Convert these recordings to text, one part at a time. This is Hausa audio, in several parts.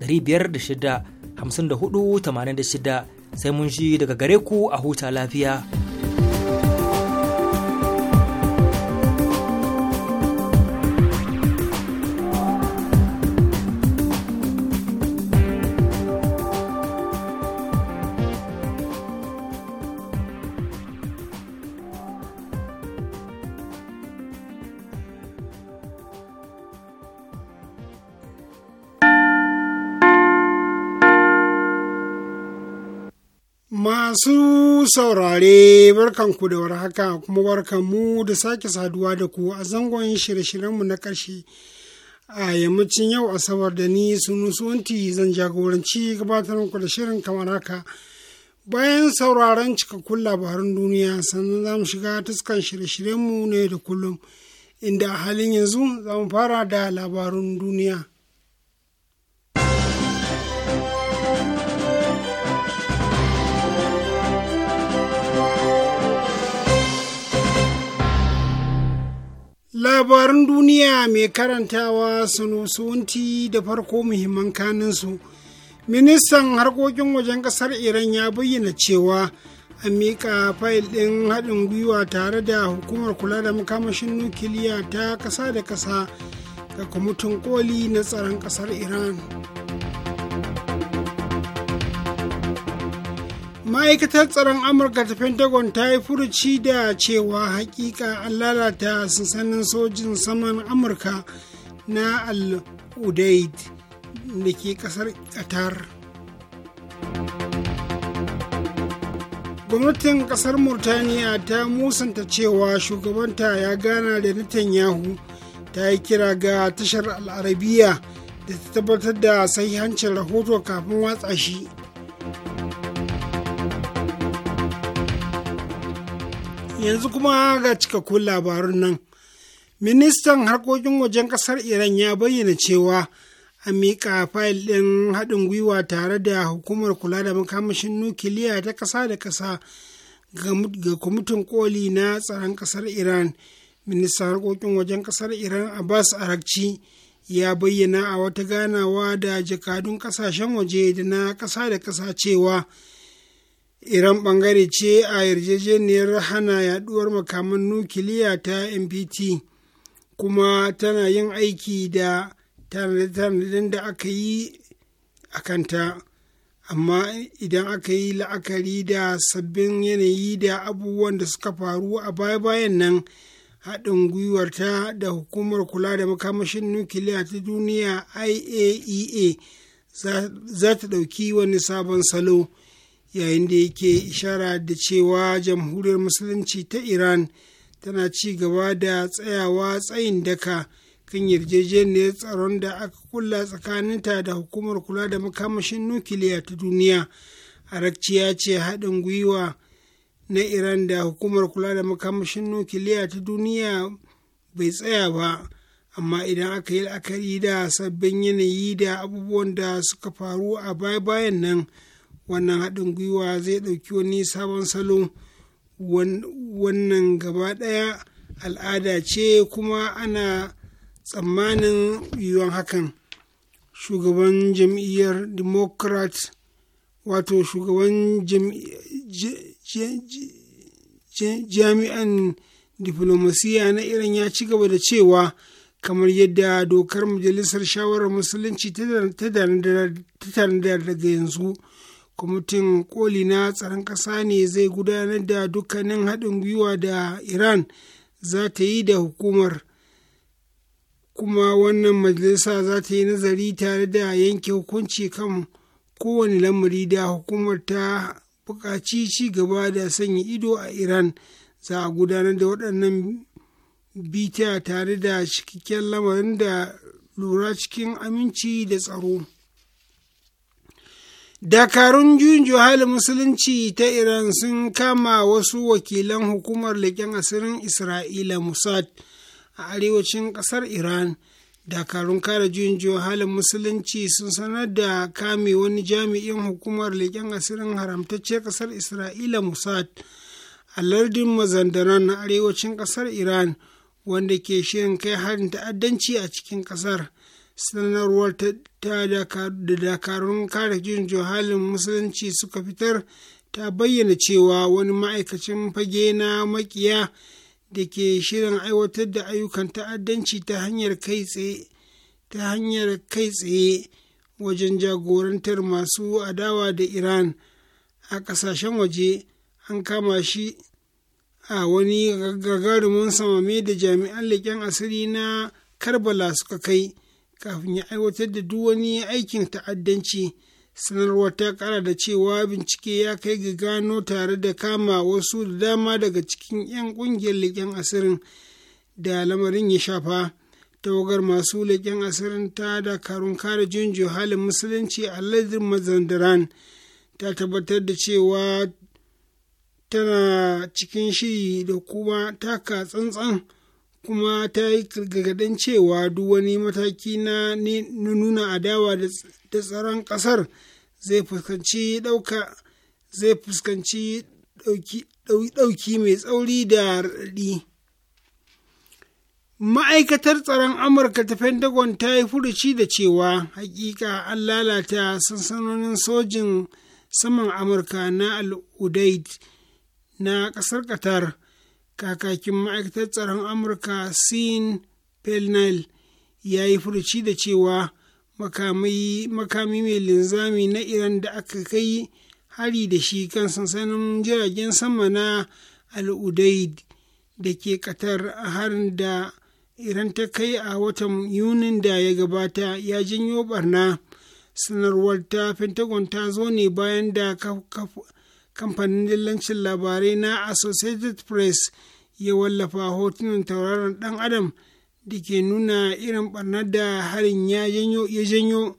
da shida sai mun shi daga gare ku a huta lafiya. Masu saurare barkan ku da warhaka kuma barkan mu da sake saduwa da ku a zangon shirye-shiryenmu na ƙarshe. A yammacin yau Asabar da ni sunusunti zan jagoranci gabatar muku da shirin kamar haka. Bayan sauraron cikakkun labaran duniya sannan za mu shiga tuskan shirye-shiryenmu ne da kullum, inda a halin yanzu za mu fara da labarun duniya. Labarin duniya mai karantawa sunusunti da farko muhimman kaninsu ministan harkokin wajen kasar iran ya bayyana cewa a miƙa fayil ɗin haɗin gwiwa tare da hukumar kula da makamashin nukiliya ta ƙasa da ƙasa ga kwamitin koli na tsaron ƙasar iran ma'aikatar tsaron amurka ta pentagon ta yi furuci da cewa hakika an lalata sansanin sojin saman amurka na al-udaid da ke kasar qatar gwamnatin kasar murtaniya ta musanta cewa shugabanta ya gana da netanyahu ta yi kira ga tashar al'arabiya da ta tabbatar da sahihancin rahoto kafin watsa shi yanzu kuma ga cikakkun labarun nan ministan harkokin wajen kasar iran ya bayyana cewa a miƙa fayil ɗin haɗin gwiwa tare da hukumar kula da makamashin nukiliya ta ƙasa da ƙasa ga kwamitin koli na tsaron ƙasar iran ministan harkokin wajen ƙasar iran abbas arakci ya bayyana a wata ganawa da jakadun ƙasashen waje da na ƙasa da ƙasa cewa Iran ɓangare ce a yarjejeniyar hana yaduwar makaman nukiliya ta NPT kuma tana yin aiki da tanadin da aka yi a kanta. Amma idan aka yi la'akari da sabbin yanayi da abubuwan da suka faru a baya-bayan nan haɗin gwiwarta da hukumar kula da makamashin nukiliya ta duniya IAEA e za ta ɗauki wani sabon salo. yayin da yake ishara da cewa jamhuriyar musulunci ta iran tana ci gaba da tsayawa tsayin daka kan yarjejeniyar tsaron da aka kulla tsakaninta da hukumar kula da makamashin nukiliya ta duniya arakciya ce haɗin gwiwa na iran da hukumar kula da makamashin nukiliya ta duniya bai tsaya ba amma idan aka yi la'akari da sabbin yanayi da abubuwan da suka faru a baya-bayan nan wannan haɗin gwiwa zai ɗauki wani sabon salo wannan gaba ɗaya al'ada ce kuma ana tsammanin yiwuwan hakan shugaban jam'iyyar democrat wato shugaban jami'an diflomasiya na irin ya ci gaba da cewa kamar yadda dokar majalisar shawarar musulunci ta tanadar daga yanzu kwamitin koli na tsaron ƙasa ne zai gudanar da dukkanin haɗin gwiwa da iran za ta yi da hukumar kuma wannan majalisa za ta yi nazari tare da yanke hukunci kan kowane lamari da hukumar ta buƙaci ci gaba da sanya ido a iran za a gudanar da waɗannan bita tare da cikakken lamarin da lura cikin aminci da tsaro. dakarun junjo juhali musulunci ta iran sun kama wasu wakilan hukumar leƙen asirin isra'ila Musad a arewacin ƙasar iran dakarun kare junjo juhali musulunci sun sanar da kame wani jami'in hukumar leƙen asirin haramtacce ƙasar isra'ila Musad a lardin mazandaran na arewacin ƙasar iran wanda ke shirin kai harin ta'addanci a cikin ƙasar sanarwar ta da dakarun kare jin johalin musulunci suka fitar ta bayyana cewa wani ma'aikacin fage na makiya da ke shirin aiwatar da ayyukan ta'addanci ta hanyar kai tsaye ta hanyar kai tsaye wajen jagorantar masu adawa da iran a ƙasashen waje an kama shi a wani gagarumin samame da jami'an leƙen asiri na karbala suka kai kafin ya aiwatar da duk wani aikin ta'addanci sanarwar ta kara da cewa bincike ya kai ga gano tare da kama wasu da dama daga cikin 'yan kungiyar leƙen asirin da lamarin ya shafa tawagar masu leƙen asirin ta da karun kare junjo halin musulunci a ladin mazandaran ta tabbatar da cewa tana cikin shiri da kuma taka tsantsan kuma ta yi gargaɗin cewa duk wani mataki na nuna adawa da tsaron ƙasar zai fuskanci ɗauka zai fuskanci ɗauki mai tsauri da raɗi. Ma'aikatar tsaron Amurka ta Pentagon ta yi furuci da cewa hakika an lalata sansanonin sojin saman Amurka na Al-Udaid na ƙasar ƙatar. kakakin ma'aikatar tsaron amurka sin pelnel ya yi furuci da cewa makami mai linzami na iran da aka kai hari da shi kan sansanin jiragen sama na al'udaid da ke katar a harin da iran ta kai a watan yunin da ya gabata ya janyo barna sanarwar ta pentagon ta zo ne bayan da kafa kamfanin dillancin labarai na associated press ya wallafa hotunan tauraron dan adam da ke nuna irin barnar da harin ya janyo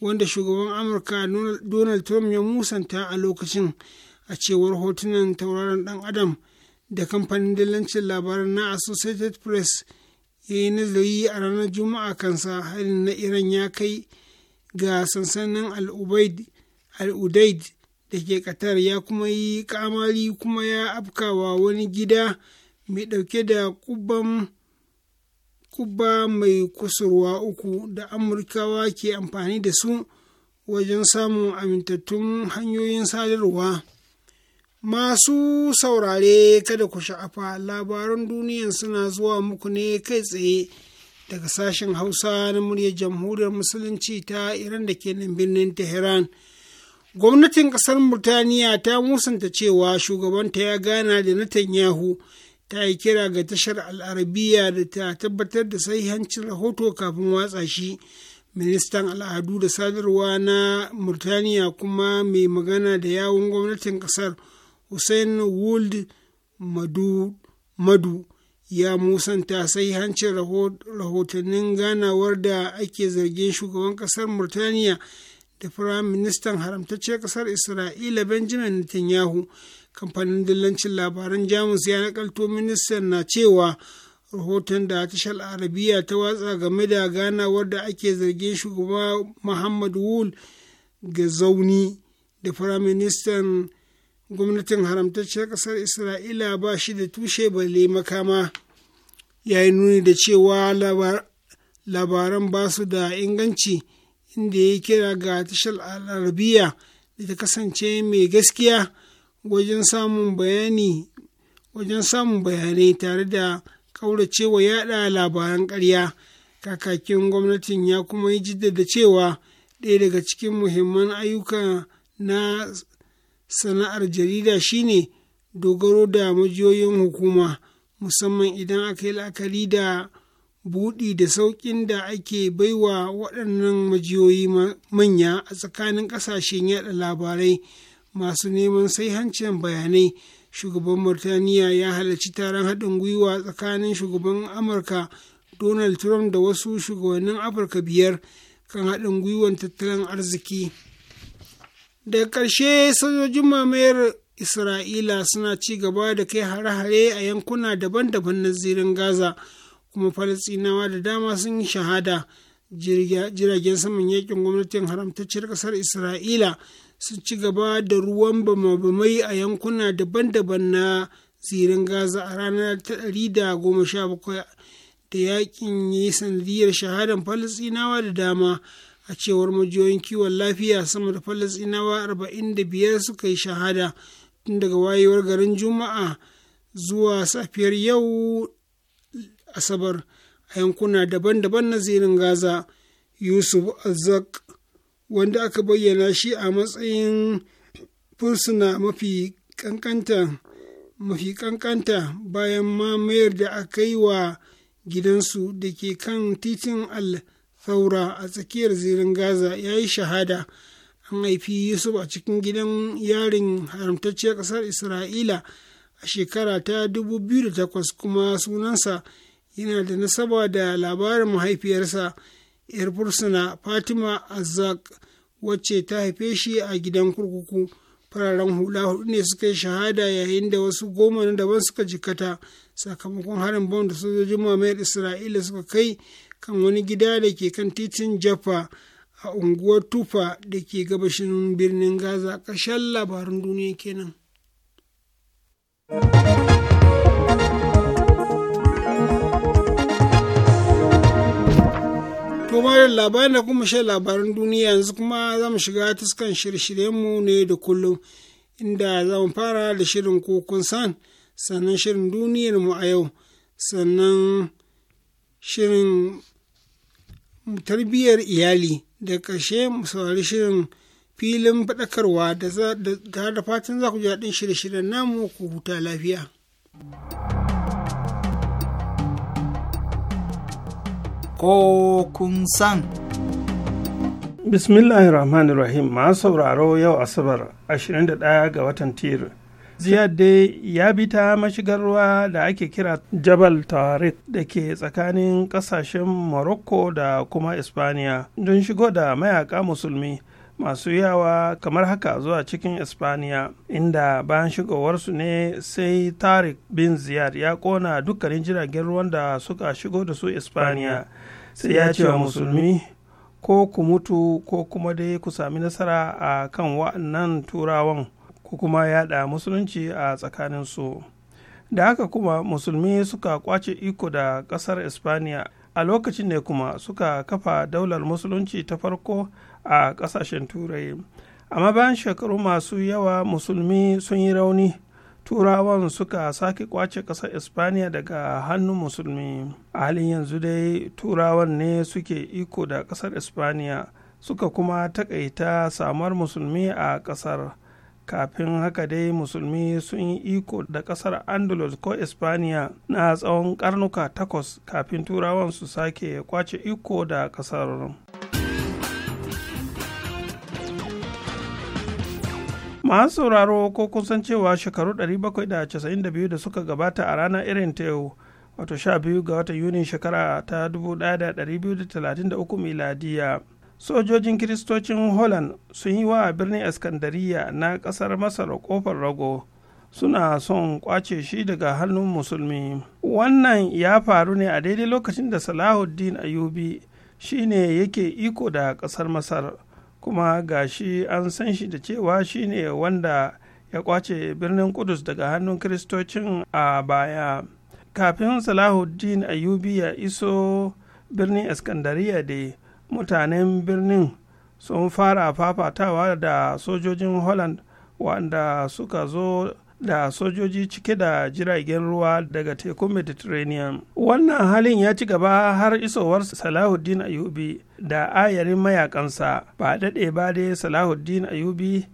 wanda shugaban amurka donald trump ya musanta a lokacin a cewar hotunan tauraron dan adam da kamfanin dillancin labarai na associated press ya yi nazari a ranar juma'a kansa harin na iran ya kai ga sansanin al'udaid da ke Qatar ya kuma yi kamari kuma ya afkawa wani gida mai ɗauke da kubban kubba mai kusurwa uku da amurkawa ke amfani da su wajen samun amintattun hanyoyin sadarwa masu saurare kada ku sha'afa labaran duniya suna zuwa muku ne kai tsaye daga sashen hausa na muryar jamhuriyar musulunci ta iran da ke nan birnin tehran Gwamnatin ƙasar Murtaniya ta musanta cewa shugabanta ya gana da Netanyahu ta yi kira ga tashar al'arabiya da ta tabbatar da sahihancin rahoto kafin watsa shi. Ministan al'adu da sadarwa na Murtaniya kuma mai magana da yawun gwamnatin ƙasar Hussein Wold Madu, ya musanta sahihancin rahotannin ganawar da ake zargin shugaban ƙasar Murtaniya da firayim ministan haramtacciyar kasar isra'ila benjamin netanyahu kamfanin dillancin labaran jamus ya nakalto ministan na cewa rahoton da tashar arabiya ta watsa game da ganawar da ake zargin shugaba muhammad wul ga zauni da firayim ministan gwamnatin haramtacciyar kasar isra'ila ba shi da tushe balle makama ya yi nuni da cewa labaran ba su da inganci inda ya kira ga tashar al'arabiya da ta kasance mai gaskiya wajen samun bayani wajen samun bayanai tare da ƙauracewa yada labaran ƙarya kakakin gwamnatin ya kuma yi jiddada cewa ɗaya daga cikin muhimman ayyuka na sana'ar jarida shine dogaro da majiyoyin hukuma musamman idan aka yi la'akari da buɗi da sauƙin da ake baiwa waɗannan majiyoyi manya a tsakanin ƙasashen yaɗa labarai masu neman sai hancin bayanai shugaban Murtaniya ya halarci taron haɗin gwiwa tsakanin shugaban Amurka Donald Trump da wasu shugabannin Afirka biyar kan haɗin gwiwan tattalin arziki. da ƙarshe sojojin mamayar Isra'ila suna ci gaba da kai hare-hare a yankuna daban-daban na zirin Gaza. kuma falasinawa da dama sun yi shahada jiragen saman yakin gwamnatin haramtacciyar kasar isra'ila sun ci gaba da ruwan bamabamai a yankuna daban-daban na zirin gaza a ranar ta ɗari da goma sha bakwai da yakin yi sanadiyar shahadan falasinawa da dama a cewar majiyoyin kiwon lafiya sama da falasinawa arba'in da biyar suka yi shahada tun daga wayewar garin juma'a zuwa safiyar yau asabar a yankuna daban-daban na zirin gaza yusuf azak wanda aka bayyana shi a matsayin fursuna mafi kankanta mafi kankanta bayan mamayar da aka yi wa gidansu da ke kan titin al-thaura a tsakiyar zirin gaza ya yi shahada an haifi yusuf a cikin gidan yarin haramtacciyar ƙasar isra'ila a shekara ta 2008 kuma sunansa yana da nasaba da labarin mahaifiyarsa yar fursuna fatima azzak wacce ta haife shi a gidan kurkuku fararen hula hudu ne suka yi shahada yayin da wasu goma na daban suka jikata sakamakon harin bom da sojojin mamayar isra'ila suka kai kan wani gida da ke kan titin jaffa a unguwar tufa da ke gabashin birnin gaza ƙarshen labarin duniya kenan. To bayan labarin da kuma shan labaran duniya yanzu kuma za mu shiga tuskan shirye-shiryenmu ne da kullum inda za mu fara da shirin kokun san sannan shirin duniyar mu a yau sannan shirin tarbiyyar iyali da ƙarshe mu saurari shirin filin faɗakarwa da tare da fatan za ku ji daɗin shirye-shiryen namu ku huta lafiya. ko kun san. Bismillahirrahmanirrahim ma sauraro yau Asabar 21 ga watan Tir. Ziyad dai ya bi ta mashigar ruwa da ake kira Jabal Tarik da ke tsakanin ƙasashen Morocco da kuma Ispaniya don shigo da mayaka musulmi masu yawa kamar haka zuwa cikin Espaniya, inda bayan shigowarsu ne sai Tariq bin Ziyad ya kona dukkanin jiragen ruwan da suka shigo da su Espaniya. Sai ya ce wa musulmi ko ku mutu ko kuma dai ku sami nasara a kan wa'annan turawan ku kuma yada musulunci a tsakanin su Da haka kuma musulmi suka kwace iko da ƙasar Espaniya a lokacin ne kuma suka kafa daular musulunci ta farko a ƙasashen turai amma bayan shekaru masu yawa musulmi sun yi rauni turawan suka sake kwace ƙasar Espaniya daga hannun musulmi a halin yanzu dai turawan ne suke iko da ƙasar Espaniya suka kuma takaita samar musulmi a ƙasar kafin haka dai musulmi sun yi iko da ƙasar andalus ko Espaniya na tsawon karnuka takwas kafin turawan su sake kwace iko da ƙasar masu sauraro ko kun san cewa shekaru 792 da suka gabata a ranar irin ta yau wato 12 ga watan Yuni shekara ta 1233 miladiya sojojin kiristocin holland sun yi wa birnin iskandariya na kasar masar kofar rago suna son kwace shi daga hannun musulmi wannan ya faru ne a daidai lokacin da salahuddin ayubi shine yake iko da kasar masar kuma ga shi an san shi da cewa shi ne wanda ya kwace birnin kudus daga hannun kiristocin a baya kafin salahuddin ayubi ya iso birnin iskandariya da mutanen birnin sun fara fafatawa da sojojin holland wanda suka zo da sojoji cike da jiragen ruwa daga tekun mediterranean wannan halin ya ci gaba har isowar salahuddin ayubi da ayarin mayakansa ba daɗe ba dai salahuddin ayubi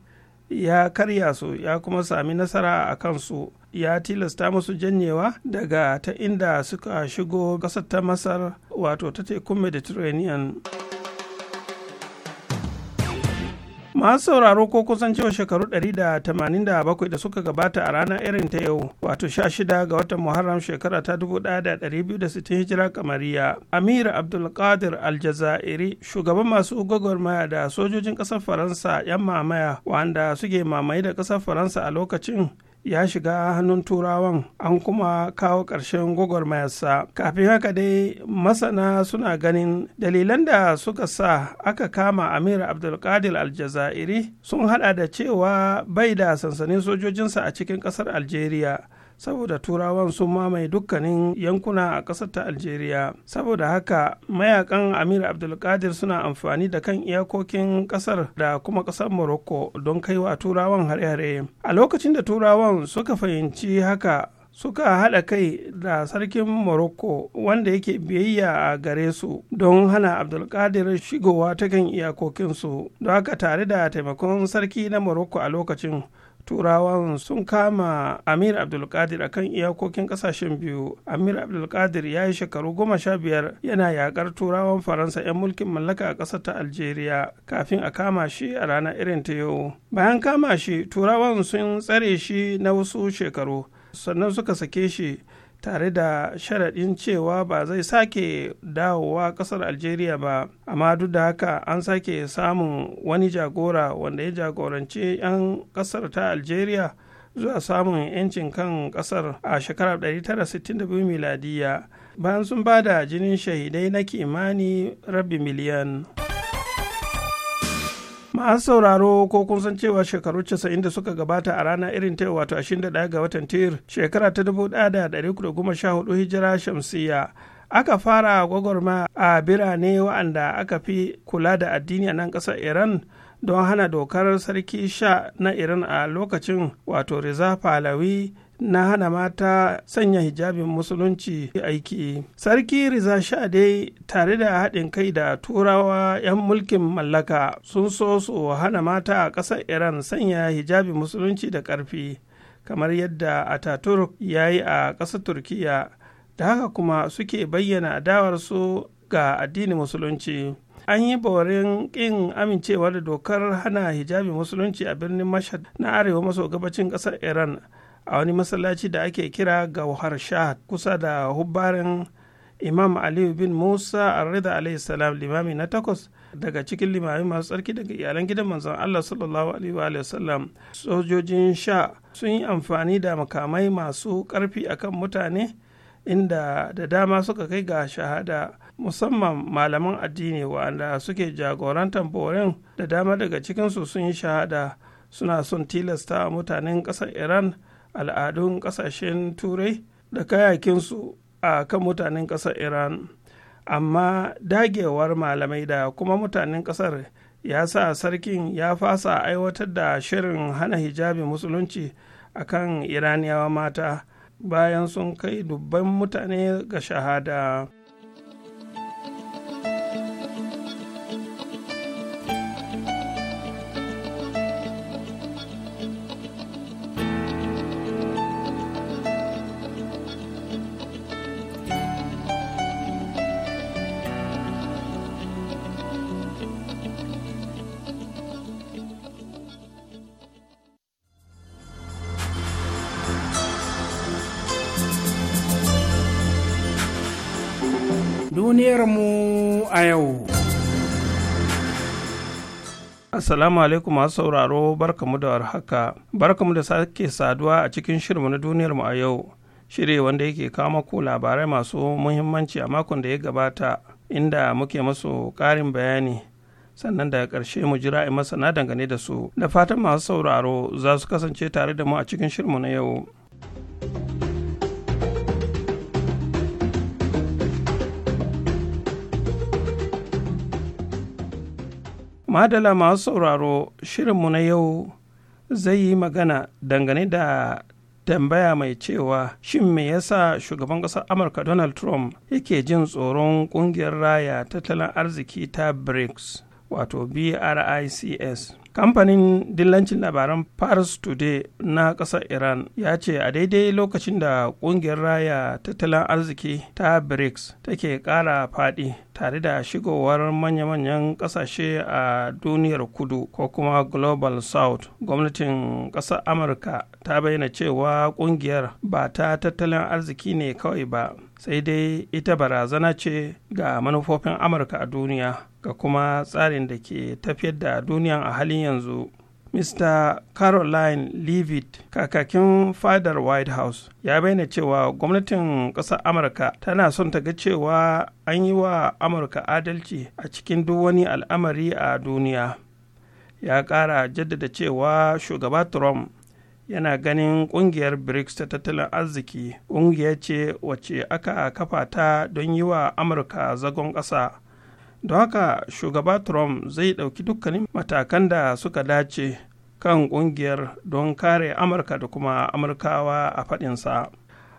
ya karya su ya kuma sami nasara a kansu ya tilasta musu janyewa daga ta inda suka shigo ƙasar ta masar wato ta tekun mediterranean masu sauraro ko kusan shekaru 187 da suka gabata a ranar irin ta yau wato 16 ga watan muharram shekara ta 1260 hijira kamariya amir abdulkadir aljazairi shugaban masu gwagwarmaya da sojojin ƙasar faransa 'yan mamaya wanda suke mamaye da ƙasar faransa a lokacin ya shiga hannun turawan an kuma kawo ƙarshen gwagwarmayarsa kafin haka dai masana suna ganin dalilan da suka sa aka kama amir abdulkadir aljazairi sun hada da cewa bai da sansanin sojojinsa a cikin ƙasar algeria saboda turawan sun mamaye dukkanin yankuna a ƙasar ta algeria saboda haka mayakan amir abdulkadir suna amfani da kan iyakokin ƙasar da kuma ƙasar morocco don kaiwa turawan hare-hare a lokacin da turawan suka fahimci haka suka haɗa kai da sarkin morocco wanda yake biyayya a gare su don hana abdulkadir shigowa ta kan iyakokinsu don haka tare da taimakon sarki na morocco a lokacin turawan sun kama amir abdulkadir akan iyakokin kasashen biyu amir abdulkadir ya yi shekaru goma sha biyar yana yakar turawan faransa 'yan mulkin mallaka a ƙasar ta algeria kafin a kama shi a rana irin ta yau bayan kama shi turawan sun tsare shi na wasu shekaru sannan suka sake shi tare da sharaɗin cewa ba zai sake dawowa ƙasar algeria ba amma duk da haka an sake samun wani jagora wanda ya jagorance 'yan ƙasar ta algeria zuwa samun 'yancin kan ƙasar a shekarar 1962 miladiya bayan sun ba da jinin shahidai na kimani rabi miliyan. Ma'an sauraro ko kun san cewa shekaru 90 da suka gabata a rana irin ta wato 21 ga watan Tir shekara ta 1914 hijira shamsiya aka fara gwagwarma a birane wa'anda aka fi kula da addini a nan ƙasar Iran don hana dokar sarki sha na Iran a lokacin wato Reza Pahlavi na hana mata sanya hijabin musulunci aiki sarki riza sha tare da haɗin kai da turawa 'yan mulkin mallaka sun so su hana mata a ƙasar iran sanya hijabin musulunci da ƙarfi kamar yadda ataturk ya yi a ƙasar turkiya da haka kuma suke bayyana adawarsu ga addinin musulunci an yi borin ƙin amincewa da dokar hana hijabin musulunci a birnin mashad na arewa maso gabacin ƙasar iran a wani masallaci da ake kira gauhar shah kusa da hubbarin imam aliyu bin musa arrida alayhi salam limami na takwas daga cikin limami masu tsarki daga iyalan gidan manzon allah sallallahu alaihi wa sallam sojojin sha sun yi amfani da makamai masu karfi akan mutane inda da dama suka kai ga shahada musamman malaman addini wa'anda suke jagorantar borin da dama daga cikinsu sun yi shahada suna son tilasta mutanen ƙasar iran al'adun ƙasashen turai da kayakinsu a kan mutanen ƙasar iran amma dagewar malamai da kuma mutanen ƙasar ya sa sarkin ya fasa aiwatar da shirin hana hijabi musulunci a kan iraniyawa mata bayan sun kai dubban mutane ga shahada. Assalamu alaikum masu sauraro barkamu da warhaka barkamu da sake saduwa a cikin shirinmu na duniyar mu a yau Shirye wanda yake kama maku labarai masu muhimmanci a makon da ya gabata inda muke masu ƙarin bayani sannan daga ƙarshe mu jira masana dangane da su da fatan masu sauraro za su kasance tare da mu a cikin shirinmu na yau. madala masu sauraro shirinmu na yau zai yi magana dangane da tambaya mai cewa shin me yasa shugaban ƙasar amurka donald trump yake jin tsoron ƙungiyar raya tattalin arziki ta brics wato brics kamfanin dillancin labaran paris today na ƙasar iran ya ce a daidai lokacin da ƙungiyar raya tattalin arziki ta brics take ƙara faɗi tare da shigowar manya-manyan ƙasashe a duniyar kudu ko kuma global south gwamnatin ƙasar amurka ta bayyana cewa ƙungiyar ba ta tattalin arziki ne kawai ba sai dai ita barazana ce ga manufofin amurka a duniya ga kuma tsarin da ke tafiyar da duniyan a halin yanzu mr caroline leavitt kakakin fadar white house ya bayyana cewa gwamnatin ƙasar amurka tana son ta ga cewa an yi wa amurka adalci a cikin duk wani al'amari a duniya ya ƙara jaddada cewa shugaba trump yana ganin kungiyar brics ta tattalin arziki kungiya ce wacce aka kafa ta don yi wa amurka zagon ƙasa don haka shugaba trump zai ɗauki dukkanin matakan da suka dace kan kungiyar don kare amurka da kuma amurkawa a faɗinsa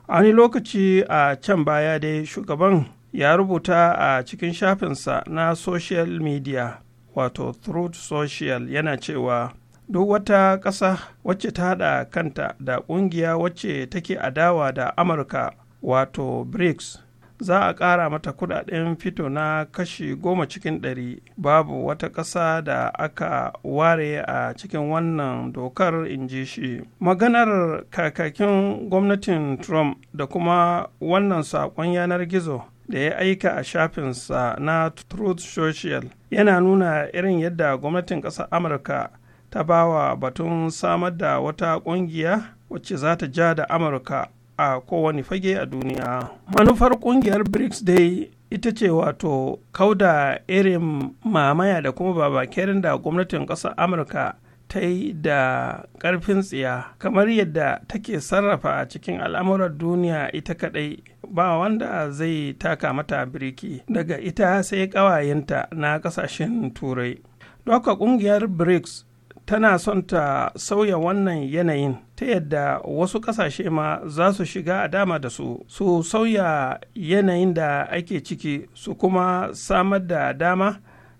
a wani lokaci a can baya dai shugaban ya rubuta a cikin shafinsa na social media wato truth social yana cewa duk wata ƙasa wacce ta haɗa kanta da ƙungiya wacce take adawa da amurka wato brics za a ƙara mata kuɗaɗen fito na kashi goma cikin ɗari babu wata ƙasa da aka ware a cikin wannan dokar in ji shi maganar kakakin gwamnatin trump da kuma wannan saƙon yanar gizo da ya aika a shafinsa na truth social yana nuna irin yadda gwamnatin ƙasar amurka ta ba wa batun samar da wata ƙungiya wacce za ta ja da amurka a kowane fage a duniya manufar ƙungiyar brics dai ita ce wato kauda irin mamaya da kuma babakerin da gwamnatin ƙasar amurka ta yi da ƙarfin tsiya kamar yadda take sarrafa a cikin al'amuran duniya ita kaɗai ba wanda zai taka mata biriki daga ita sai ƙawayenta na ƙasashen turai doka ƙungiyar brics tana son ta sauya wannan yanayin ta yadda wasu ƙasashe ma za su shiga a dama da su su sauya yanayin da ake ciki su kuma samar da dama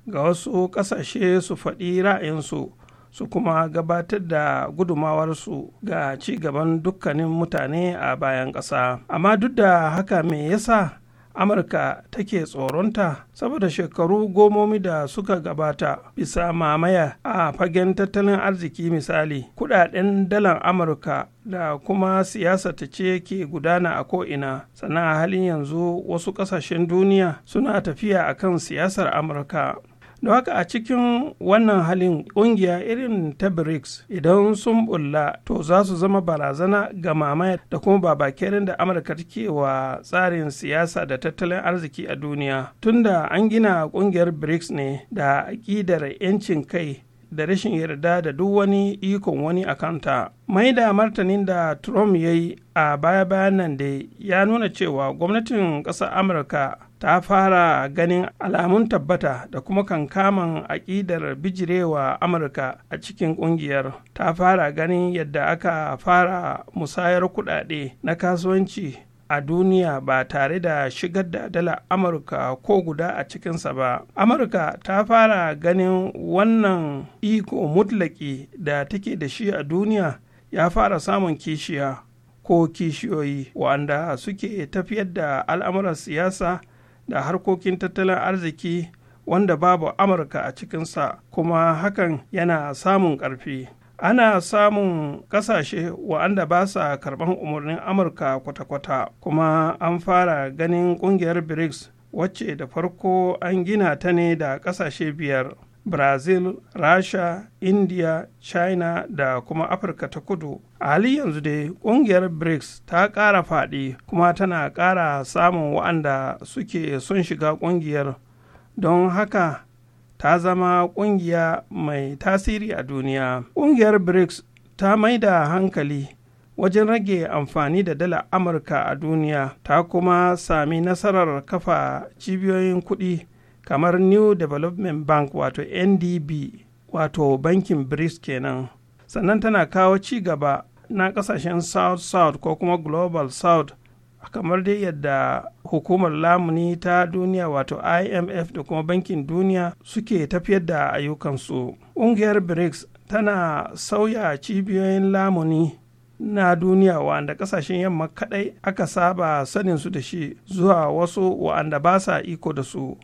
ga wasu ƙasashe su faɗi ra'ayinsu su kuma gabatar da gudumawarsu ga ci gaban dukkanin mutane a bayan ƙasa amma duk da haka me yasa amurka take tsoronta saboda shekaru gomomi da suka gabata bisa mamaya a fagen tattalin arziki misali kudaden dalan amurka da kuma siyasa ta ce ke gudana a ko'ina sannan halin yanzu wasu kasashen duniya suna tafiya akan siyasar amurka don haka a cikin wannan halin ƙungiya irin ta brics idan sun bulla to za su zama barazana ga mamaya da kuma babakerin da amurka take wa tsarin siyasa da tattalin arziki a duniya tunda an gina ƙungiyar brics ne da aƙidar 'yancin kai da rashin yarda da duk wani ikon wani a kanta. Mai da martanin da Trump ya yi a baya-bayan nan da ya nuna cewa gwamnatin ƙasar Amurka ta fara ganin alamun tabbata da kuma kankaman aƙidar bijirewa amurka a cikin ƙungiyar ta fara ganin yadda aka fara musayar kuɗaɗe na kasuwanci a duniya ba tare da shigar da dala amurka ko guda a cikinsa ba amurka ta fara ganin wannan iko mutlaki da take da shi a duniya ya fara samun kishiya ko kishiyoyi wanda suke tafiyar da al'amuran siyasa da harkokin tattalin arziki wanda babu amurka a cikinsa kuma hakan yana samun ƙarfi ana samun ƙasashe wa'anda ba sa karɓan umarnin amurka kwata-kwata kuma an fara ganin ƙungiyar brics wacce da farko an gina ta ne da ƙasashe biyar brazil rasha india china da kuma afirka ta kudu a halin yanzu dai kungiyar brics ta ƙara faɗi kuma tana ƙara samun waɗanda suke sun shiga kungiyar don haka ta zama kungiya mai tasiri a duniya kungiyar brics ta mai da hankali wajen rage amfani da dala amurka a duniya ta kuma sami nasarar kafa cibiyoyin kuɗi kamar new development bank wato ndb wato bankin brics kenan sannan tana kawo ci gaba na kasashen south south ko kuma global south kamar dai yadda hukumar lamuni ta duniya wato imf da kuma bankin duniya suke tafiyar da ayyukansu ƙungiyar brics tana sauya cibiyoyin lamuni na duniya wa'anda kasashen yamma kadai aka saba saninsu da shi zuwa wasu wa'anda ba sa iko da su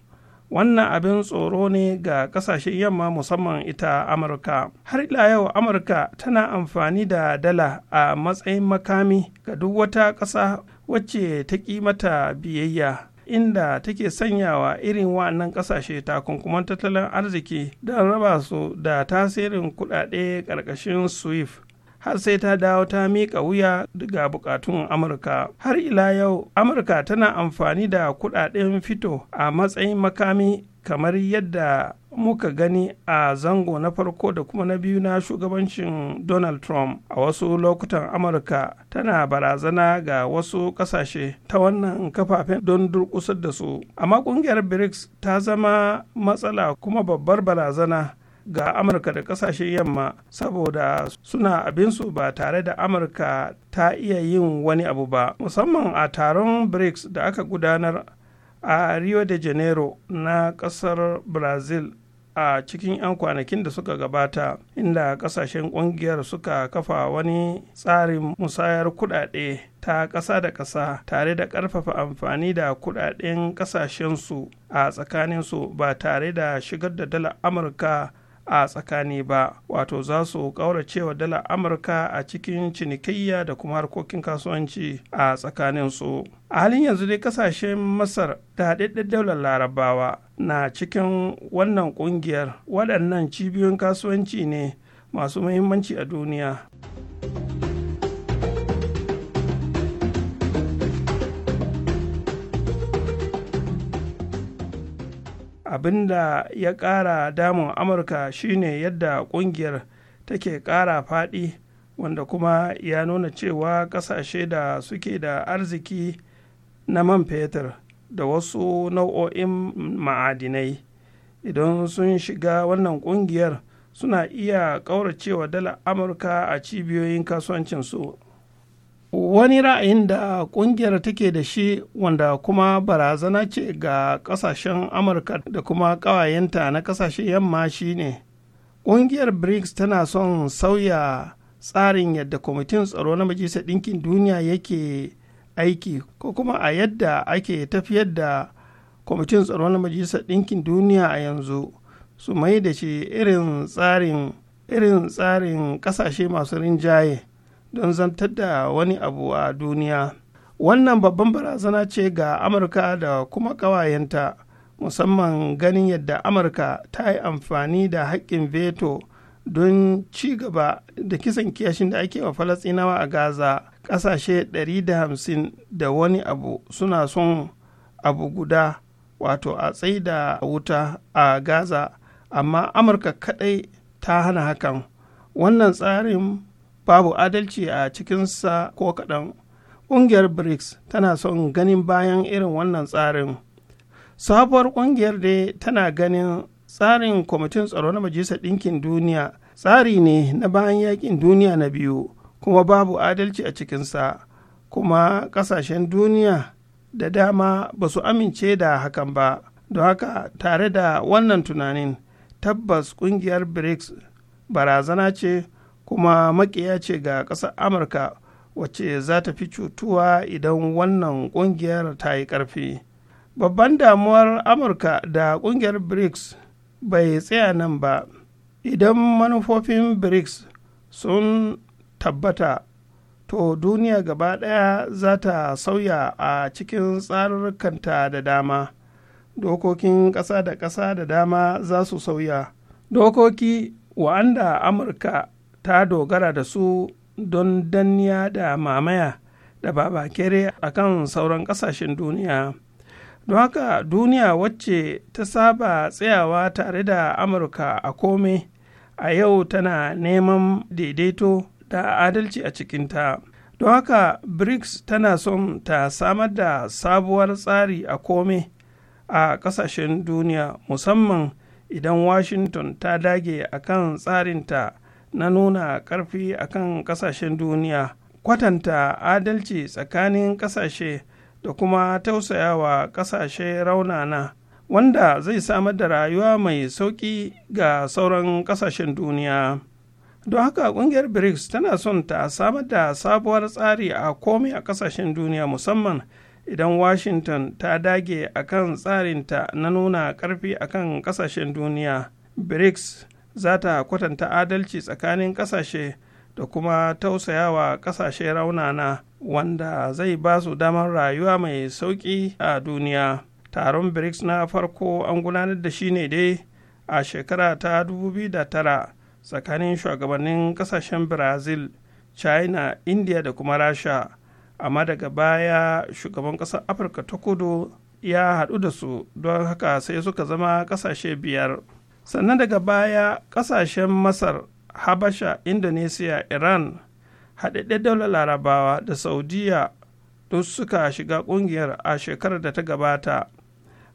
wannan abin tsoro ne ga kasashen yamma musamman ita amurka har ila yau amurka tana amfani da dala a matsayin makami ga duk wata ƙasa wacce ta mata biyayya inda take sanyawa irin wa'annan kasashe takunkuman tattalin arziki don raba su da tasirin kudade ƙarƙashin swift har sai ta dawo ta miƙa wuya ga buƙatun amurka har ila yau amurka tana amfani da kuɗaɗen fito a matsayin makami kamar yadda muka gani a zango na farko da kuma na biyu na shugabancin donald trump a wasu lokutan amurka tana barazana ga wasu kasashe ta wannan kafafen don durƙusar da su amma ƙungiyar brics ta zama matsala kuma babbar barazana ga amurka da kasashen yamma saboda suna abinsu ba tare da amurka ta iya yin wani abu ba musamman a taron brics da aka gudanar a rio de janeiro na kasar brazil a cikin 'yan kwanakin da suka gabata inda kasashen kungiyar suka kafa wani tsarin musayar kudade ta ƙasa da ƙasa tare da ƙarfafa amfani da kudaden ƙasashensu a tsakaninsu ba tare da shigar da dalar amurka a tsakani ba wato za su kauracewa dala amurka a cikin cinikayya da kuma harkokin kasuwanci a tsakanin su a halin yanzu dai kasashen masar da haɗaɗɗen daular larabawa na cikin wannan ƙungiyar waɗannan cibiyoyin kasuwanci ne masu muhimmanci a duniya. abin da ya ƙara damun amurka shine yadda ƙungiyar take ƙara faɗi wanda kuma ya nuna cewa ƙasashe da suke da arziki na man fetur da wasu nau'o'in ma'adinai idan sun shiga wannan ƙungiyar suna iya ƙauracewa dala amurka a cibiyoyin kasuwancinsu wani ra'ayin da kungiyar take da shi wanda kuma barazana ce ga kasashen amurka da kuma ƙawayenta na kasashen yamma shine kungiyar brics tana son sauya tsarin yadda kwamitin tsaro na majalisar ɗinkin duniya yake aiki ko kuma a yadda ake tafiyar da kwamitin tsaro na majalisar ɗinkin duniya a yanzu su mai da shi irin tsarin irin tsarin ƙasashe masu rinjaye don zantar da wani abu a duniya wannan babban barazana ce ga amurka da kuma ƙawayenta musamman ganin yadda amurka ta yi amfani da haƙƙin veto don ci gaba da kisan kiyashin da ake wa falasinawa a gaza ƙasashe 150 da wani abu suna son abu guda wato a tsaida da wuta a gaza amma amurka kaɗai ta hana hakan wannan tsarin babu adalci a cikinsa ko kaɗan ƙungiyar brics tana son ganin bayan irin wannan tsarin sabuwar ƙungiyar dai tana ganin tsarin kwamitin tsaro na majalisar ɗinkin duniya tsari ne na bayan yakin duniya na biyu kuma babu adalci a cikinsa kuma ƙasashen duniya da dama ba su amince da hakan ba don haka tare da wannan tunanin tabbas ƙungiyar brics barazana ce kuma makiya ce ga ƙasar amurka wacce za ta fi cutuwa idan wannan ƙungiyar ta yi ƙarfi babban damuwar amurka da ƙungiyar brics bai tsaya nan ba idan manufofin brics sun tabbata to duniya gaba ɗaya za ta sauya a cikin tsarurrukanta da dama dokokin ƙasa da ƙasa da dama za su sauya dokoki wa'anda amurka ta dogara da su don danniya da mamaya da babakere a kan sauran ƙasashen duniya don haka duniya wacce ta saba tsayawa tare da amurka a kome a yau tana neman daidaito da adalci a cikinta don haka brics tana son ta samar da sabuwar tsari a kome a ƙasashen duniya musamman idan washington ta dage akan kan tsarinta na nuna ƙarfi akan ƙasashen duniya kwatanta adalci tsakanin ƙasashe da kuma tausayawa ƙasashe raunana wanda zai samar da rayuwa mai sauƙi ga sauran ƙasashen duniya don haka ƙungiyar brics tana son ta samar da sabuwar tsari a komai a ƙasashen duniya musamman idan washington ta dage akan tsarinta na nuna ƙarfi akan ƙasashen duniya brics za ta kwatanta adalci tsakanin ƙasashe da kuma tausayawa ƙasashe raunana wanda zai ba su damar rayuwa mai sauƙi a duniya taron brics na farko an gudanar da shi ne dai a shekara ta 2009 tsakanin shugabannin ƙasashen brazil china india da kuma rasha amma daga baya shugaban ƙasar afirka ta kudu ya haɗu da su don haka sai suka zama ƙasashe biyar sannan daga baya kasashen masar habasha indonesiya iran haɗaɗɗen daular larabawa da saudiya duk suka shiga ƙungiyar a shekarar da ta gabata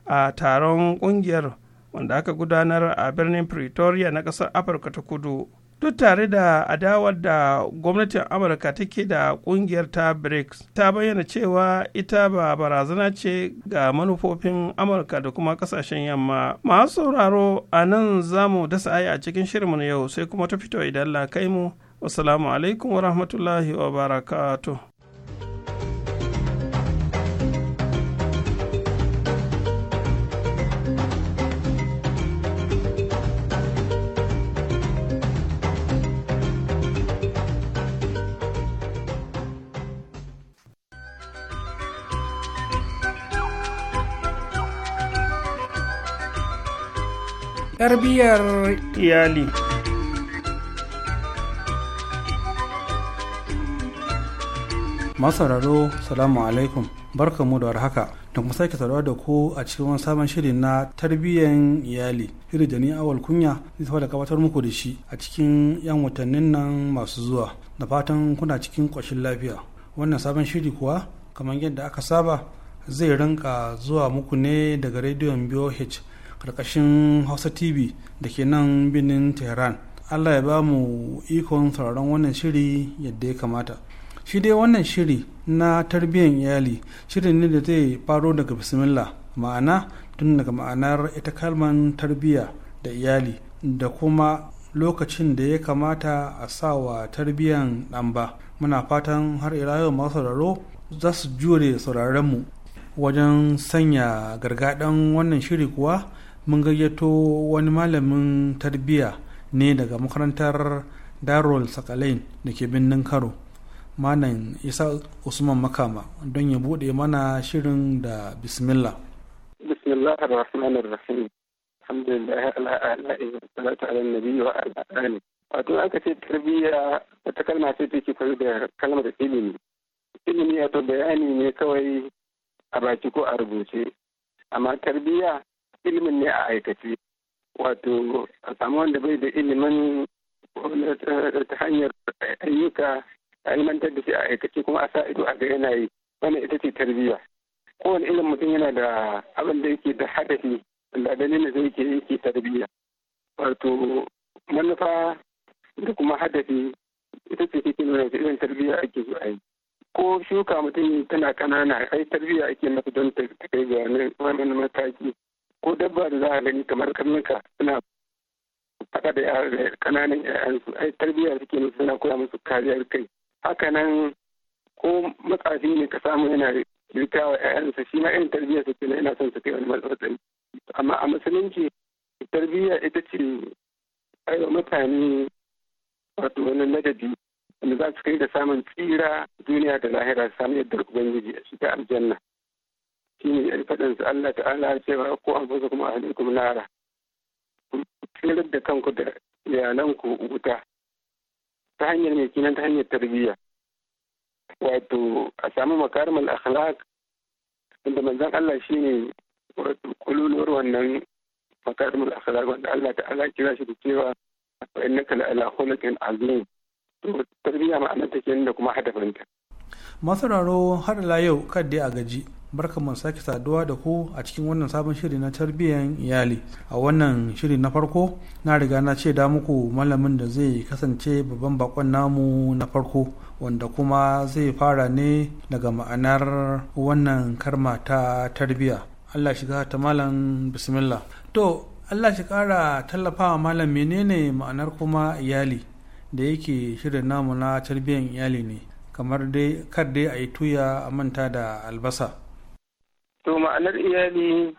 a taron ƙungiyar wanda aka gudanar a birnin pretoria na ƙasar afirka ta kudu duk tare da adawar da gwamnatin amurka take da kungiyar ta brics ta bayyana cewa ita ba barazana ce ga manufofin amurka da kuma kasashen yamma masu sauraro a nan za mu dasa aya a cikin shirinmu na yau sai kuma ta fito idan la kai mu wasalamu alaikum wa rahmatullahi wa barakatuh tarbiyyar iyali masararo salamu alaikum barkamu da warhaka da kuma sake saurawa da ku a cikin wani sabon shirin na tarbiyyar iyali shirin da ni awal kunya zai da gabatar muku da shi a cikin yan watannin nan masu zuwa da fatan kuna cikin ƙoshin lafiya wannan sabon shiri kuwa kamar yadda aka saba zai rinka zuwa muku ne daga rediyon BOH karkashin hausa tv da ke nan birnin tehran allah ya ba mu ikon sauraron wannan shiri yadda ya kamata shi dai wannan shiri na tarbiyyar iyali shirin ne da zai faro daga bismillah ma'ana tun daga ma'anar ita kalman tarbiyya da iyali da kuma lokacin da ya kamata a sa wa tarbiyyan ɗan ba muna fatan har ira yau masu sauraro za su jure sauraronmu wajen sanya gargaɗin wannan shiri kuwa mun gayyato wani malamin tarbiyya ne daga makarantar darul sakalain da ke birnin karo manan isa usman makama don ya bude mana shirin da bismillah bismillah ar-rahman ar-rahim alhamdulillah ala ala'i salatu ala nabi wa ala ali wato aka ce tarbiyya wata kalma ce take koyi da kalmar ilimi ilimi wato bayani ne kawai a baki ko a rubuce amma tarbiyya ilimin ne a aikace wato a samu wanda bai da ilimin eh, ta hanyar ayyuka a ilimantar da shi a aikace kuma a sa ido a ga yana yi wannan ita ce tarbiyya kowane ilimin mutum yana da abin da yake da hadafi da dalilin zai ke yake tarbiyya wato manufa da kuma hadafi ita ce take nuna da irin tarbiyya ake zuwa yi ko shuka mutum tana kanana ai tarbiyya ake masa don ta kai ga wani mataki ko dabba da za a gani kamar karnuka suna faɗa da kananan yayansu ai tarbiyya suke musu suna koya musu kariyar kai haka nan ko matsafi ne ka samu yana rika wa yayansa shi ma irin tarbiyya suke na yana son su kai wani matsatsin amma a musulunci tarbiyya ita ce aiwa mutane wato wani ladabi wanda za su kai da samun tsira duniya da lahira su samu yadda ubangiji a shiga aljanna shine ne faɗin su Allah ta'ala cewa ko an fasa kuma kuma nara kira da kanku da iyalanku wuta ta hanyar mai kinan ta hanyar tarbiyya wato a samu makarimar akhlaq inda manzan Allah shine wato kululuwar wannan makarimar akhlaq wanda Allah ta'ala kira shi da cewa fa innaka la ala khuluqin azim to tarbiyya ma'anar take da kuma hadafinta masararo har la yau dai a gaji barka mu sake saduwa da ku a cikin wannan sabon shiri na tarbiyyar iyali a wannan shiri na farko na riga na ce da muku malamin da zai kasance babban bakon namu na farko wanda kuma zai fara ne daga ma'anar wannan karma ta tarbiyya allah shiga ta malam bismillah to allah shi kara tallafawa malam menene ma'anar kuma iyali da yake shirin namu na tarbiyyar iyali ne kamar dai kar dai a yi tuya a manta da albasa To ma'anar iyali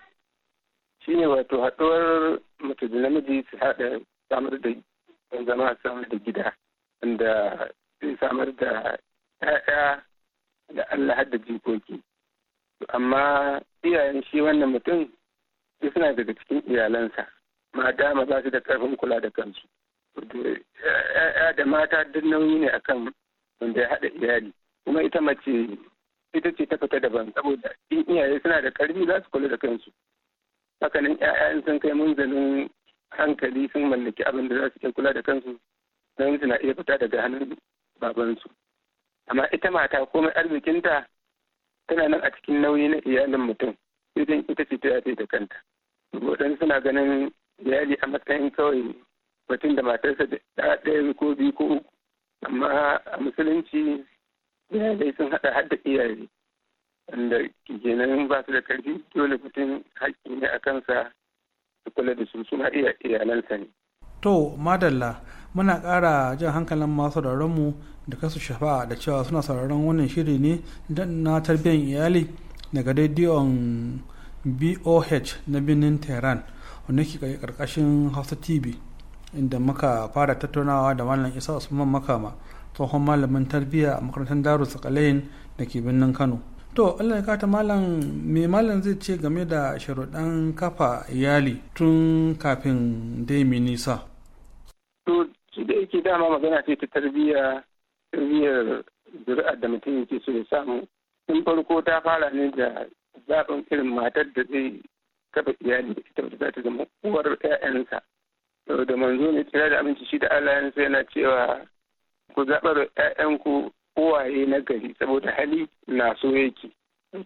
shine wato haɗuwar mace da namiji su haɗa samar da zama samar da gida wanda zai samar da ‘ya'ya da Allah da jikoki. Amma iyayen shi wannan mutum suna daga cikin iyalansa, ma dama ba su da ƙarfin kula da kansu. ‘Ya'ya da mata duk nauyi ne akan wanda ya haɗa iyali. Kuma ita mace ita ce ta fita daban saboda in iyaye suna da karfi za su kula da kansu hakanan ƴaƴan sun kai munzalin hankali sun mallaki abin da za su iya kula da kansu don suna iya fita daga hannun babansu amma ita mata komai arzikinta tana nan a cikin nauyi na iyalin mutum idan ita ce ta da kanta waɗansu suna ganin iyali a matsayin kawai mutum da matarsa da ɗaya ko biyu ko uku amma a musulunci iyalai sun haɗa hadda iyaye wanda kenan ba su da karfi dole mutum haƙƙi ne a kansa su kula da su suna iya iyalansa ne. To madalla muna ƙara jan hankalin masu mu da kasu shafa da cewa suna sauraron wannan shiri ne na tarbiyyar iyali daga rediyon BOH na birnin Tehran wanda ke ƙarƙashin Hausa TV inda muka fara tattaunawa da Malam Isa Usman Makama tsohon malamin tarbiyya a makarantar daru kalayin da ke birnin kano to allah ya kata malam me malam zai ce game da sharuɗan kafa iyali tun kafin dai mi nisa to da yake dama magana ce ta tarbiyya tarbiyyar zuri'ar da mutum yake so ya samu in farko ta fara ne da zaɓin irin matar da zai kafa iyali da ita za ta zama uwar 'ya'yansa da manzo ne tare da aminci shi da Allah yana cewa ku zaɓar 'ya'yanku uwaye na gari saboda hali na so yake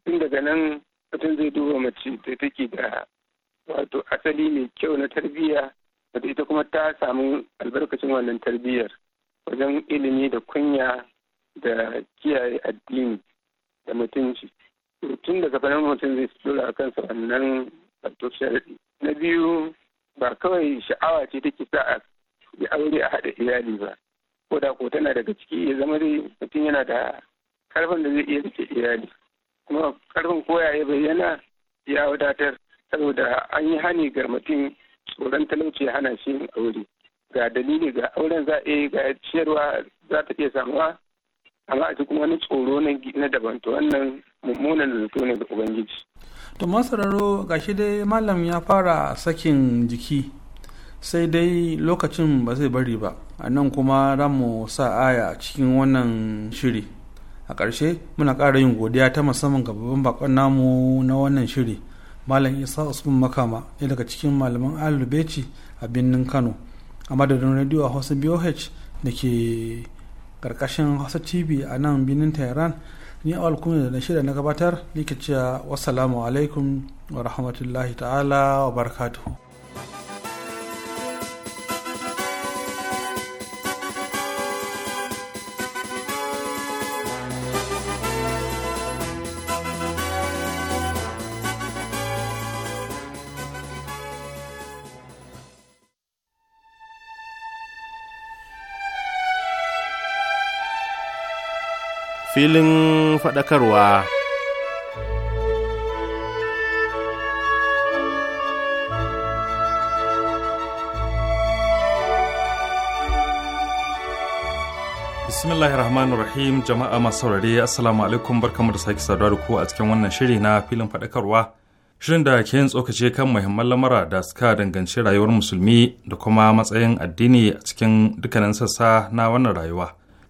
tun daga nan mutum zai duba mace da take da wato asali mai kyau na tarbiyya wato ita kuma ta samu albarkacin wannan tarbiyyar wajen ilimi da kunya da kiyaye addini da mutunci tun daga fannin mutum zai tura a kansa wannan wato sharadi na biyu ba kawai sha'awa ce take sa a yi aure a haɗa iyali ba ko da ko tana daga ciki ya zama dai mutum yana da karfin da zai iya rike iyali kuma karfin koya ya bayyana ya wadatar saboda an yi hani ga mutum tsoron talauci hana shi yin aure ga dalili ga auren za a ga ciyarwa za ta iya samuwa amma a cikin wani tsoro na daban to wannan mummunan zato ne da ubangiji to masararo gashi dai malam ya fara sakin jiki sai dai lokacin ba zai bari ba a nan kuma za mu sa aya a cikin wannan shiri a ƙarshe muna ƙara yin godiya ta musamman ga babban bakon namu na wannan shiri malam isa usman makama ne daga cikin malaman alubeci a birnin kano a madadin radio a hausa boh da ke ƙarƙashin hausa tv a nan birnin tehran ni a kuma da na shirya na gabatar ke cewa wasu alaikum wa rahmatullahi ta'ala wa barakatuhu filin faɗakarwa. Bismillahirrahmanirrahim jama'a masu saurari assalamu alaikum barkamu da sake saduwa da ku a cikin wannan shiri na filin faɗakarwa shirin da ke yin tsokace kan muhimman lamara da suka danganci rayuwar musulmi da kuma matsayin addini a cikin dukkanin sassa na wannan rayuwa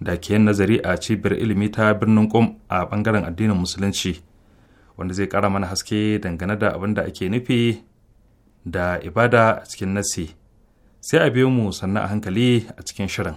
da ke nazari a cibiyar ilimi ta birnin ƙum a ɓangaren addinin musulunci wanda zai ƙara mana haske dangane da abin da ake nufi da ibada a cikin nasi sai a biyo mu sannan a hankali a cikin shirin.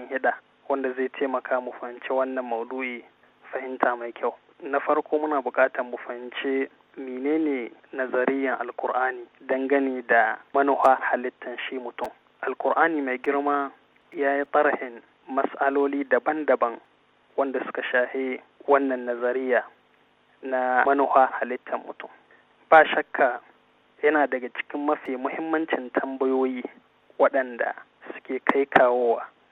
hida wanda zai taimaka mu fahimci wannan maudu'i fahimta mai kyau. Na farko muna buƙatar mu fahimci menene nazariyan alkur'ani dangane da manuha halittan shi mutum. Alkur'ani mai girma ya yi tsarhin matsaloli daban-daban wanda suka shahe wannan nazariya na manuha halittar mutum. Ba shakka yana daga cikin mafi muhimmancin tambayoyi waɗanda suke kai kawowa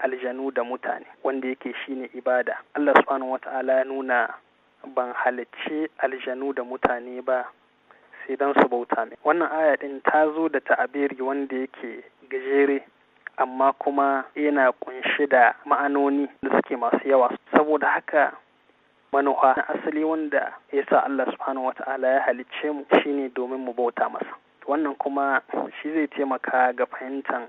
aljanu da mutane wanda yake shine ibada Allah subhanahu wata'ala ya nuna ban halicci aljanu da mutane ba sai don su bauta min wannan aya din ta zo da ta'abiri wanda yake gajere amma kuma yana kunshi da ma'anoni da suke masu yawa saboda haka manuwa na asali wanda ya sa Allah subhanahu wata'ala ya halicce mu shine domin mu bauta masa wannan kuma shi zai taimaka ga fahimtar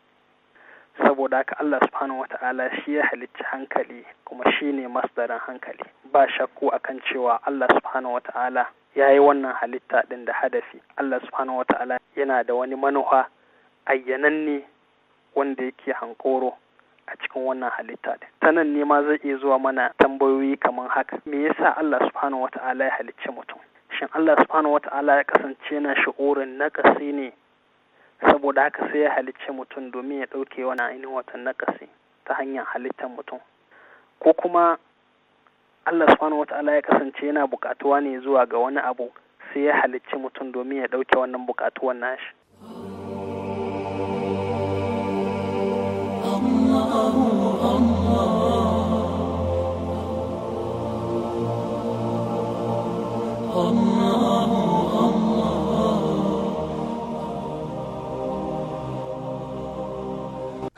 saboda haka Allah subhanahu wa ta'ala shi ya halicci hankali kuma shi ne masdarin hankali ba shakku akan cewa Allah subhanahu wa ta'ala ya yi wannan halitta ɗin da hadafi Allah subhanahu wa ta'ala yana da wani manuha ayyananne wanda yake hankoro a cikin wannan halitta ɗin ta nan ne ma zai iya zuwa mana tambayoyi kamar haka me yasa Allah subhanahu wa ta'ala ya halicci mutum shin Allah subhanahu wa ta'ala ya kasance na sha'urin nakasi ne saboda haka sai ya halicci mutum domin ya ɗauke wani ainihin watan nakasi ta hanyar halittar mutum ko kuma Allah subhanahu wa ta'ala ya kasance yana buƙatuwa ne zuwa ga wani abu sai ya halicci mutum domin ya ɗauke wannan buƙatuwan nashi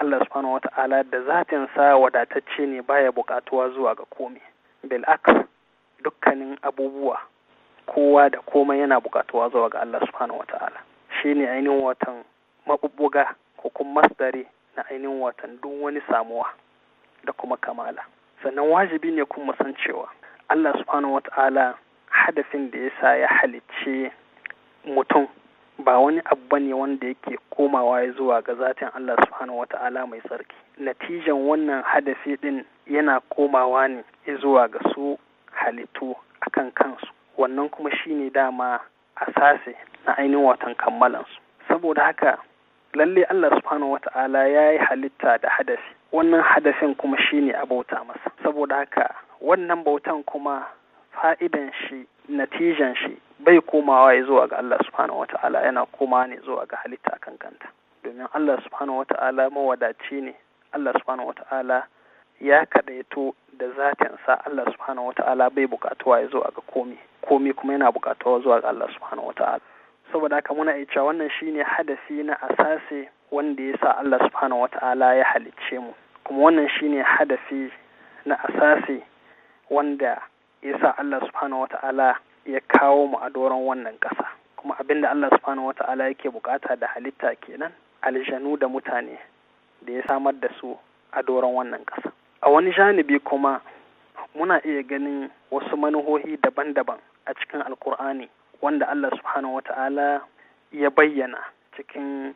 Allah subhanahu wata'ala da sa wadatacce ne baya bukatuwa zuwa ga komai bil'aks dukkanin abubuwa kowa da komai yana bukatuwa zuwa ga Allah subhanahu wata'ala shine ainihin watan mabubbuga ko kuma masdari na ainihin watan duk wani samuwa da kuma kamala sannan wajibi ne kun san cewa Allah subhanahu wata'ala hadafin da ya sa ya halicce mutum ba wani abu bane wanda yake komawa ya zuwa ga zatin Allah subhanahu wata'ala mai tsarki natijan wannan hadafi din yana komawa ne ya zuwa ga su halittu akan kansu wannan kuma shi ne dama a asase na ainihin watan kammalansu saboda haka lalle Allah subhanahu wata'ala ya yi halitta da hadafi. wannan hadafin kuma shine a bauta masa saboda haka wannan bautan kuma fa'idan shi natijan shi bai komawa ya zuwa ga Allah subhanahu ta'ala yana koma ne zuwa ga halitta kan kanta domin Allah subhanahu ta'ala mawadaci ne Allah subhanahu ta'ala ya kadaito da zatinsa Allah subhanahu ta'ala bai bukatuwa ya zuwa ga komi komi kuma yana bukatuwa zuwa ga Allah subhanahu ta'ala saboda haka muna iya cewa wannan shine hadasi na asasi wanda ya sa Allah subhanahu ta'ala ya halicce mu kuma wannan shine hadafi na asasi wanda yasa Allah subhanahu wata'ala ya kawo mu a doron wannan ƙasa kuma abinda Allah subhanahu wata'ala yake bukata da halitta kenan aljanu da mutane da ya samar da su a doron wannan ƙasa a wani janibi kuma muna iya ganin wasu manuhohi daban-daban a cikin alkur'ani wanda Allah subhanahu wata'ala ya bayyana cikin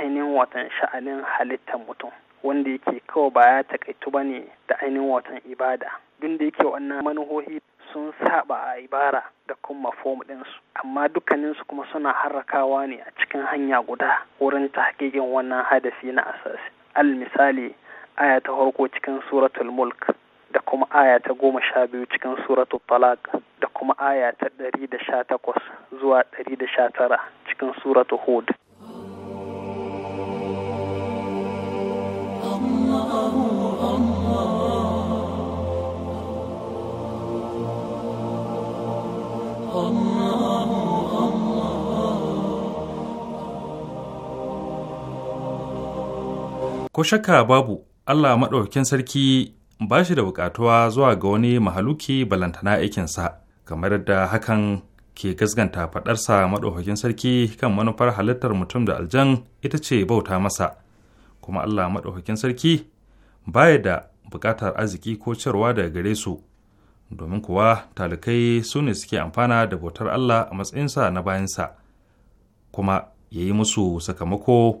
ainihin watan sha'anin halittar mutum wanda yake kawai ba ya takaitu ba ne da ainihin watan ibada duk da yake wannan manuhohi sun saba a ibara da kuma fom ɗinsu amma dukkaninsu kuma suna harrakawa ne a cikin hanya guda wurin tahqiqin wannan hadasi na asasi al misali aya ta farko cikin suratul mulk da kuma aya ta goma sha biyu cikin suratul talaq da kuma aya ta ɗari da sha takwas zuwa ɗari da sha tara cikin suratul hud Ko shakka babu Allah maɗaukin sarki ba shi da buƙatuwa zuwa ga wani mahaluki balantana aikinsa, kamar yadda hakan ke gasganta faɗarsa maɗaukin sarki kan manufar halittar mutum da aljan ita ce bauta masa, kuma Allah maɗaukin sarki baya da buƙatar arziki ko cirwa daga gare su, domin kuwa talikai su ne suke amfana da bautar Allah a matsayinsa na bayansa, kuma ya yi musu sakamako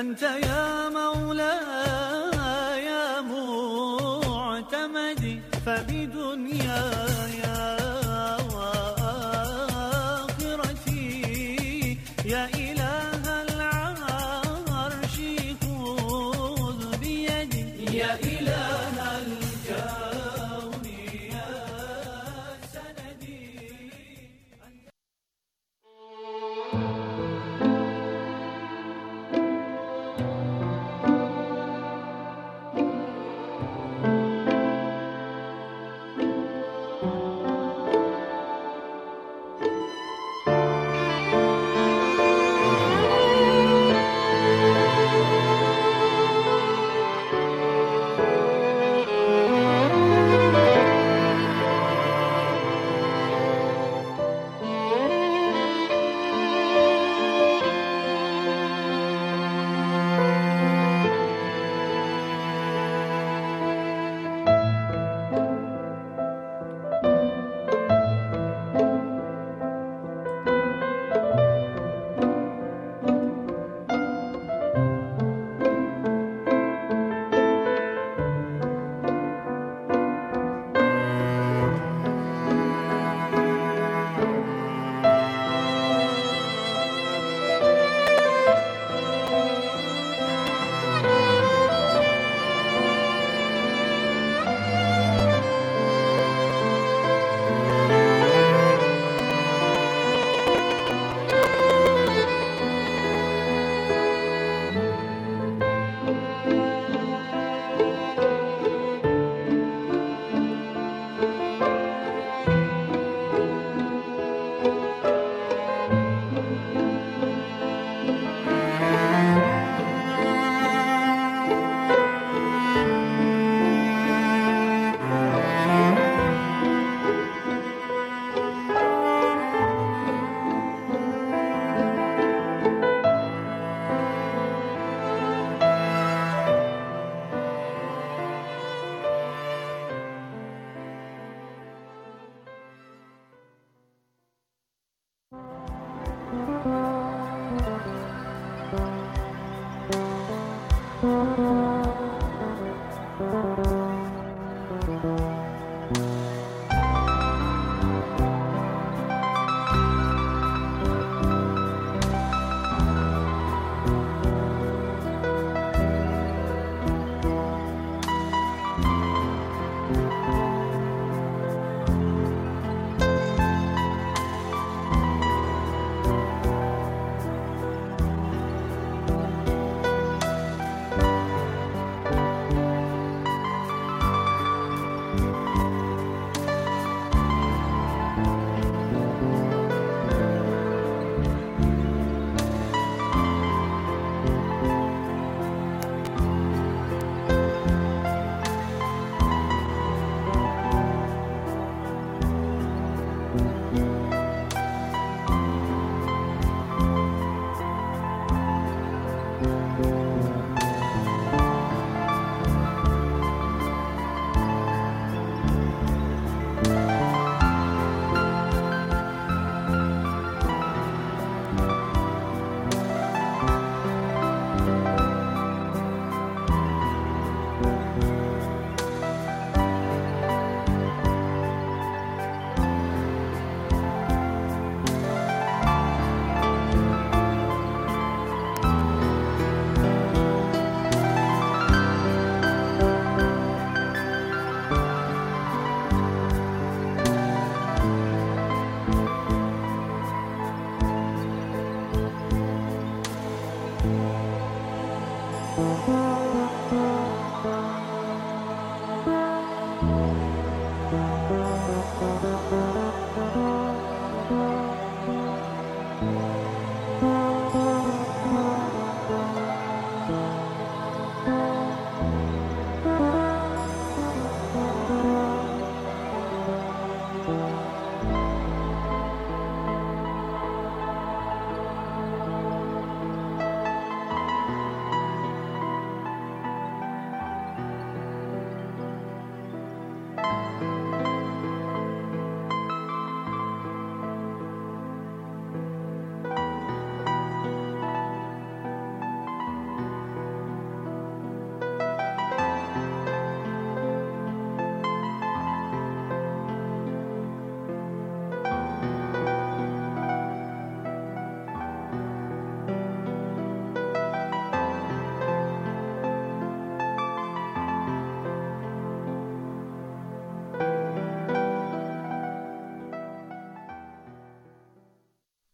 أنت يا مولاي يا معتمدي فبي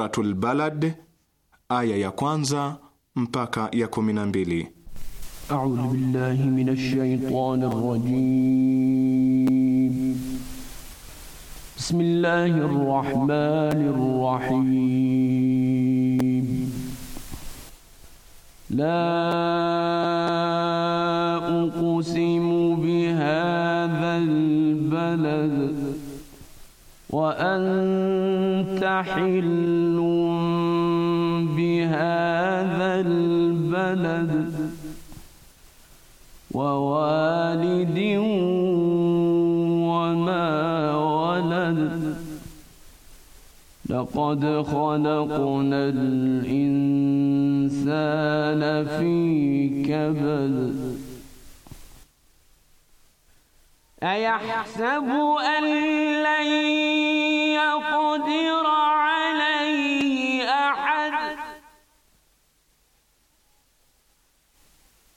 Suratul Balad aya ya kwanza mpaka ya kumi na mbili. A'udhu billahi minash shaitanir rajim. Bismillahir rahmanir rahim. La uqsimu bihadha al-balad وأنت حل بهذا البلد ووالد وما ولد لقد خلقنا الإنسان في كبد أيحسب أن لن يقدر عليه أحد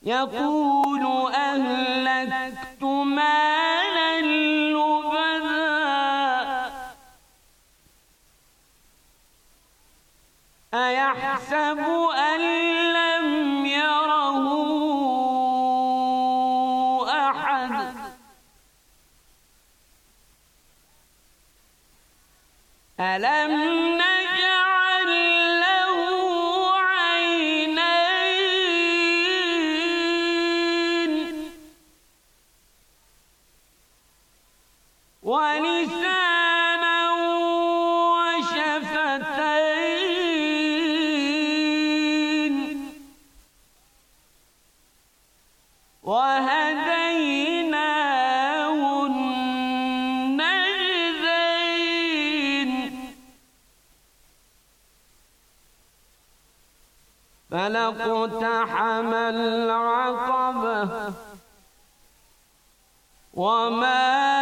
يقول أهلكت مالا Hello? العقبة وما